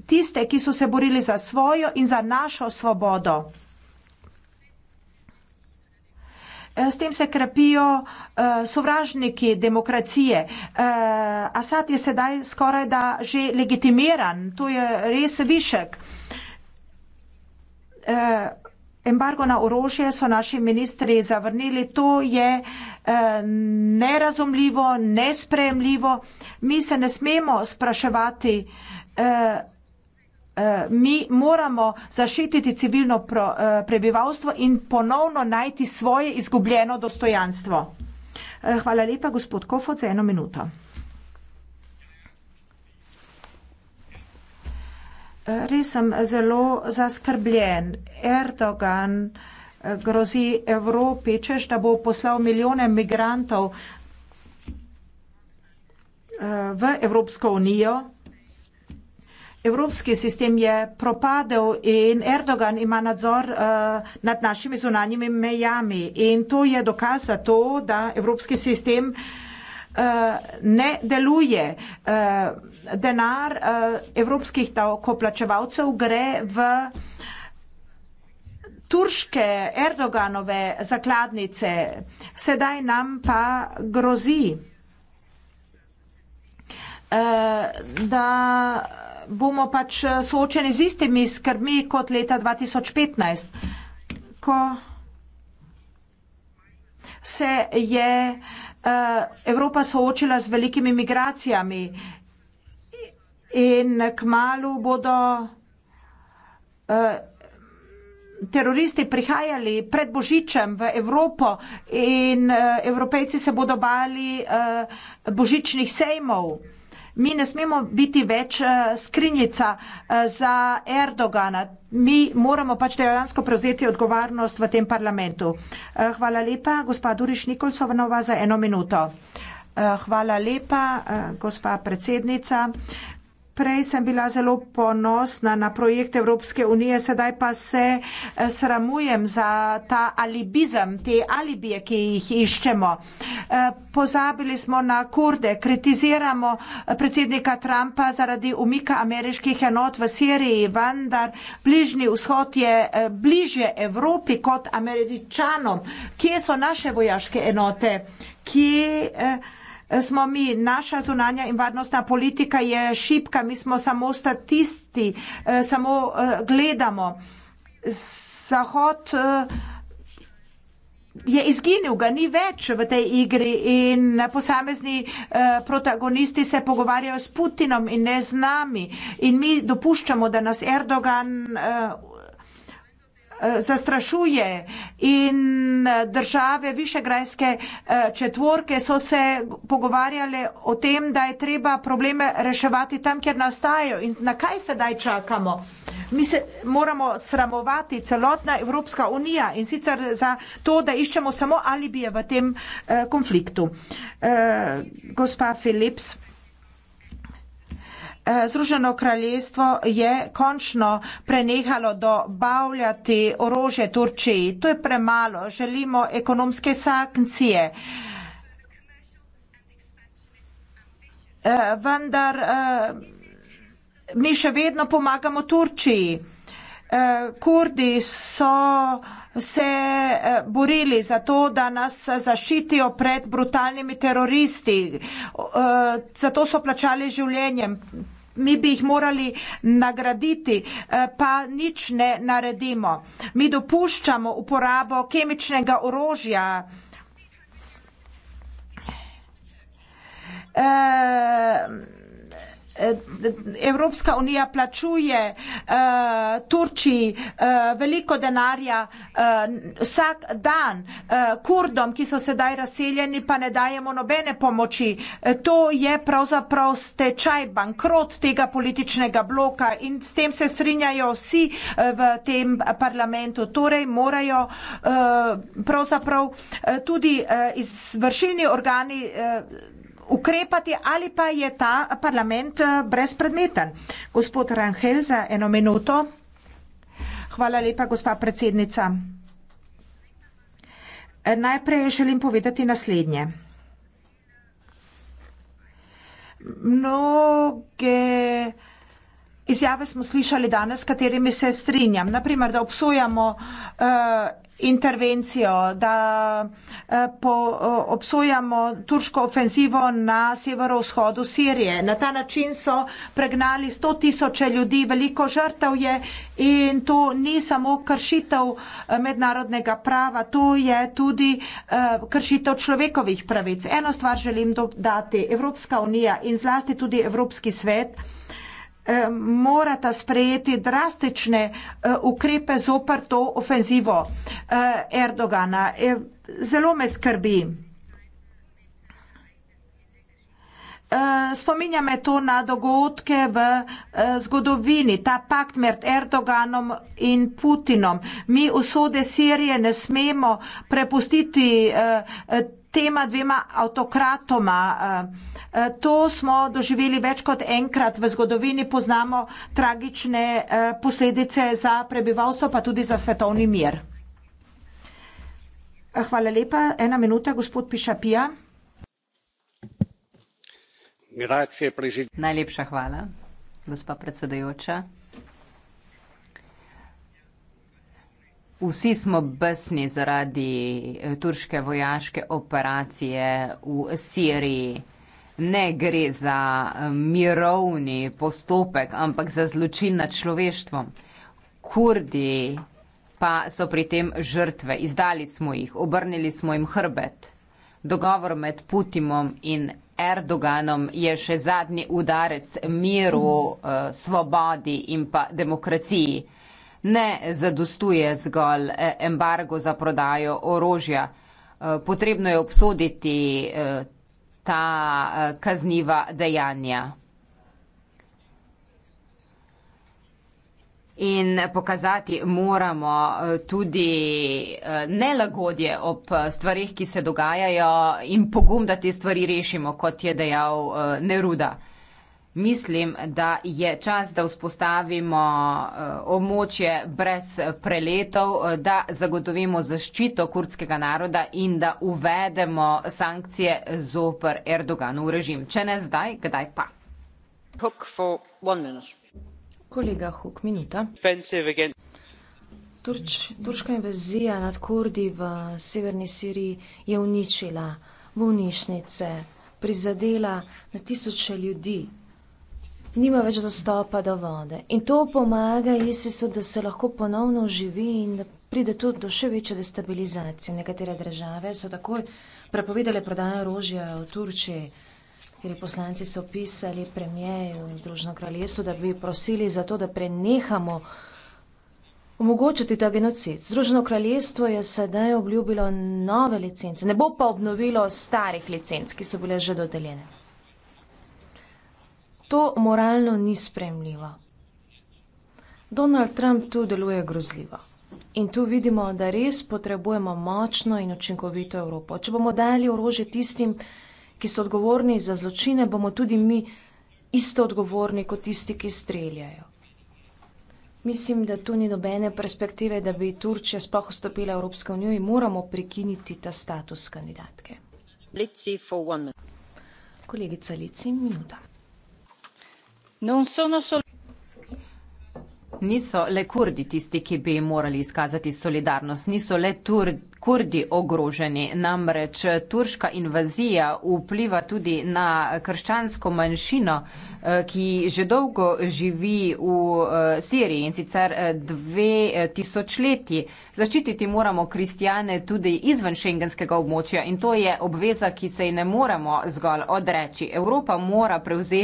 tiste, ki so se borili za svojo in za našo svobodo. Eh, s tem se krepijo uh, sovražniki demokracije. Uh, eh, Asad je sedaj skoraj da že legitimiran, to je res višek. Uh, Eh, embargo na orožje so naši ministri zavrnili. To je eh, nerazumljivo, nespremljivo. Mi se ne smemo spraševati, eh, mi moramo zaščititi civilno prebivalstvo in ponovno najti svoje izgubljeno dostojanstvo. Hvala lepa, gospod Kofod, za eno minuto. Res sem zelo zaskrbljen. Erdogan eh, grozi Evropi, češ, da bo poslal milijone migrantov eh, v Evropsko unijo. Evropski sistem je propadel in Erdogan ima nadzor uh, nad našimi zunanjimi mejami. In to je dokaz za to, da evropski sistem uh, ne deluje. Uh, denar eh, evropskih davkoplačevalcev gre v turške Erdoganove zakladnice, sedaj nam pa grozi, eh, da bomo pač soočeni z istimi skrbmi kot leta 2015, ko se je eh, Evropa soočila z velikimi migracijami in k malu bodo uh, teroristi prihajali pred Božičem v Evropo in uh, Evropejci se bodo bali uh, božičnih sejmov. Mi ne smemo biti več skrinjica za Erdogana. Mi moramo pač dejansko prevzeti odgovarnost v tem parlamentu. Hvala lepa, gospa Duriš Nikolsovnova, za eno minuto. Hvala lepa, gospa predsednica prej sem bila zelo ponosna na projekt Evropske unije, sedaj pa se eh, sramujem za ta alibizem, te alibije, ki jih iščemo. Eh, pozabili smo na kurde, kritiziramo eh, predsednika Trumpa zaradi umika ameriških enot v Siriji, vendar bližnji vzhod je bližje Evropi kot američanom. Kje so naše vojaške enote? Kje, eh, smo mi, naša zunanja in varnostna politika je šipka, mi smo samo statisti, eh, samo eh, gledamo. Zahod eh, je izginil, ga ni več v tej igri in posamezni protagonisti se pogovarjajo s Putinom in ne z nami. In mi dopuščamo, da nas Erdogan zastrašuje in države višegrajske eh, četvorke so se pogovarjale o tem, da je treba probleme reševati tam, kjer nastajajo in na kaj sedaj čakamo. Mi se moramo sramovati, celotna Evropska unija in sicer za to, da iščemo samo alibije v tem eh, konfliktu. Eh, gospa Philips. Eh, Združeno kraljestvo je končno prenehalo dobavljati orože Turčiji. To je premalo. Želimo ekonomske sankcije. Eh, vendar eh, mi še vedno pomagamo Turčiji. Kurdi so se eh, borili za to, da nas zaščitijo pred brutalnimi teroristi. Eh, Zato so plačali življenjem. Mi bi jih morali nagraditi, eh, pa nič ne naredimo. Mi dopuščamo uporabo kemičnega orožja. Uh, Evropska unija plačuje uh, Turčiji uh, veliko denarja uh, vsak dan, uh, kurdom, ki so sedaj razseljeni, pa ne dajemo nobene pomoči. Uh, to je pravzaprav stečaj, bankrot tega političnega bloka in s tem se strinjajo vsi uh, v tem parlamentu. Torej morajo uh, pravzaprav uh, tudi uh, izvršilni organi. Uh, ukrepati ali pa je ta parlament eh, brezpredmeten. Gospod Ranhel, za eno minuto. Hvala lepa, gospa predsednica. Eh, najprej želim povedati naslednje. Mnoge izjave smo slišali danes, s katerimi se strinjam. Naprimer, da obsojamo uh, intervencijo, da uh, po, uh, obsojamo turško ofenzivo na severovzhodu Sirije. Na ta način so pregnali 100 tisoče ljudi, veliko žrtev je in to ni samo kršitev eh, mednarodnega prava, to je tudi uh, kršitev človekovih pravic. Eno stvar želim dodati. Evropska unija in zlasti tudi Evropski svet uh, Eh, morata sprejeti drastične eh, ukrepe zopr to ofenzivo eh, Erdogana. Zelo me skrbi. Spominja me to na dogodke v zgodovini, ta pakt med Erdoganom in Putinom. Mi usode Sirije ne smemo prepustiti tema dvema avtokratoma. Eh, eh, to smo doživeli več kot enkrat v zgodovini, poznamo tragične eh, posledice za prebivalstvo, pa tudi za svetovni mir. Hvala lepa. Ena minuta, gospod Pišapija. Najlepša hvala, gospa predsedujoča. Vsi smo besni zaradi eh, turške vojaške operacije v Siriji. Ne gre za eh, mirovni postopek, ampak za zločin nad človeštvom. Kurdi pa so pri tem žrtve. Izdali smo jih, obrnili smo jim hrbet. Dogovor med Putinom in Erdoganom je še zadnji udarec miru, eh, svobodi in pa demokraciji ne zadostuje zgolj e, embargo za prodajo orožja. E, potrebno je obsoditi e, ta kazniva dejanja. In pokazati moramo tudi nelagodje ob stvarih, ki se dogajajo in pogum, da te stvari rešimo, kot je dejal Neruda. Mislim, da je čas, da vzpostavimo eh, območje brez preletov, eh, da zagotovimo zaščito kurdskega naroda in da uvedemo sankcije zopr Erdoganu v režim. Če ne zdaj, kdaj pa? Kolega Huk, minuta. Turč, turška invazija nad Kurdi v severni Siriji je uničila bolnišnice, prizadela na tisoče ljudi, nima več dostopa do vode. In to pomaga Jezusu, da se lahko ponovno oživi in da pride tudi do še večje destabilizacije. Nekatere države so takoj prepovedale prodajo orožja v Turčiji, ker je poslanci so pisali premijeju in Združeno kraljestvo, da bi prosili za to, da prenehamo omogočiti ta genocid. Združeno kraljestvo je sedaj obljubilo nove licence, ne bo pa obnovilo starih licenc, ki so bile že dodeljene. To moralno ni sprejemljivo. Donald Trump tu deluje grozljivo. In tu vidimo, da res potrebujemo močno in učinkovito Evropo. Če bomo dali orožje tistim, ki so odgovorni za zločine, bomo tudi mi isto odgovorni kot tisti, ki streljajo. Mislim, da tu ni nobene perspektive, da bi Turčija sploh vstopila v Evropsko unijo in moramo prekiniti ta status kandidatke. Kolegica Lici, minuta. Niso le kurdi tisti, ki bi morali izkazati solidarnost, niso le tur, kurdi ogroženi. Namreč turška invazija vpliva tudi na krščansko manjšino, eh, ki že dolgo živi v eh, Siriji in sicer eh, dve tisočletji. Zaščititi moramo kristijane tudi izven šengenskega območja in to je obveza, ki se ji ne moremo zgolj odreči. Evropa mora prevzeti.